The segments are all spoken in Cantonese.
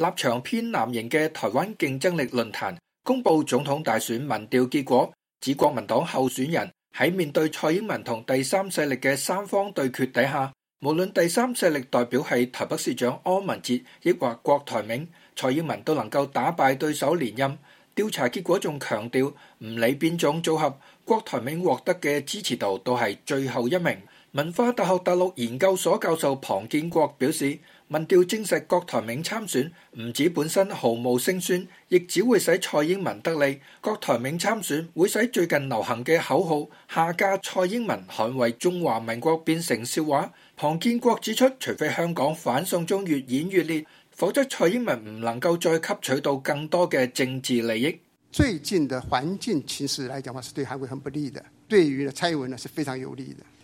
立場偏藍型嘅台灣競爭力論壇公佈總統大選民調結果，指國民黨候選人喺面對蔡英文同第三勢力嘅三方對決底下，無論第三勢力代表係台北市長柯文哲，抑或郭台銘，蔡英文都能夠打敗對手連任。調查結果仲強調，唔理邊種組合，郭台銘獲得嘅支持度都係最後一名。文化大學大陸研究所教授龐建國表示，民調證實郭台銘參選唔止本身毫無勝算，亦只會使蔡英文得利。郭台銘參選會使最近流行嘅口號“下架蔡英文，捍衛中華民國”變成笑話。龐建國指出，除非香港反送中越演越烈，否則蔡英文唔能夠再吸取到更多嘅政治利益。最近的環境其實嚟講話，是對韓國很不利的，對於蔡英文呢是非常有利的。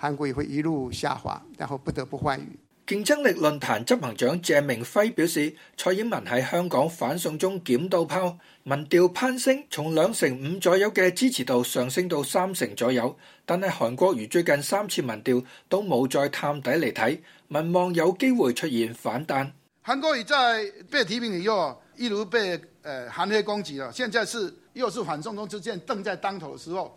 韓國瑜會一路下滑，然後不得不換瑜。競爭力論壇執行長謝明輝表示，蔡英文喺香港反送中撿到炮，民調攀升，從兩成五左右嘅支持度上升到三成左右。但係韓國瑜最近三次民調都冇再探底嚟睇，民望有機會出現反彈。韓國瑜在被提名以後，一路被誒喊、呃、黑攻擊啦，現在是又是反送中之箭正在當頭嘅時候。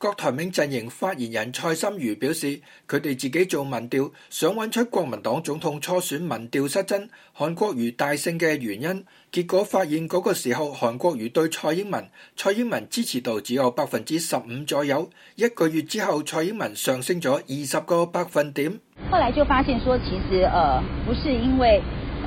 郭台銘陣營發言人蔡心如表示，佢哋自己做民調，想揾出國民黨總統初選民調失真、韓國瑜大勝嘅原因，結果發現嗰個時候韓國瑜對蔡英文，蔡英文支持度只有百分之十五左右，一個月之後蔡英文上升咗二十個百分點。後來就發現說，其實，誒，不是因為。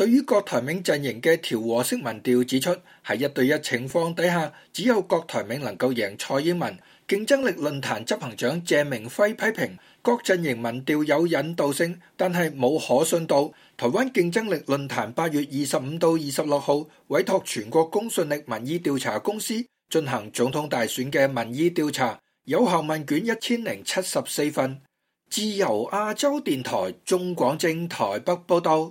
對於郭台銘陣營嘅調和式民調指出，喺一對一情況底下，只有郭台銘能夠贏蔡英文。競爭力論壇執行長謝明輝批評，郭陣營民調有引導性，但係冇可信度。台灣競爭力論壇八月二十五到二十六號委託全國公信力民意調查公司進行總統大選嘅民意調查，有效問卷一千零七十四份。自由亞洲電台中廣政台北報道。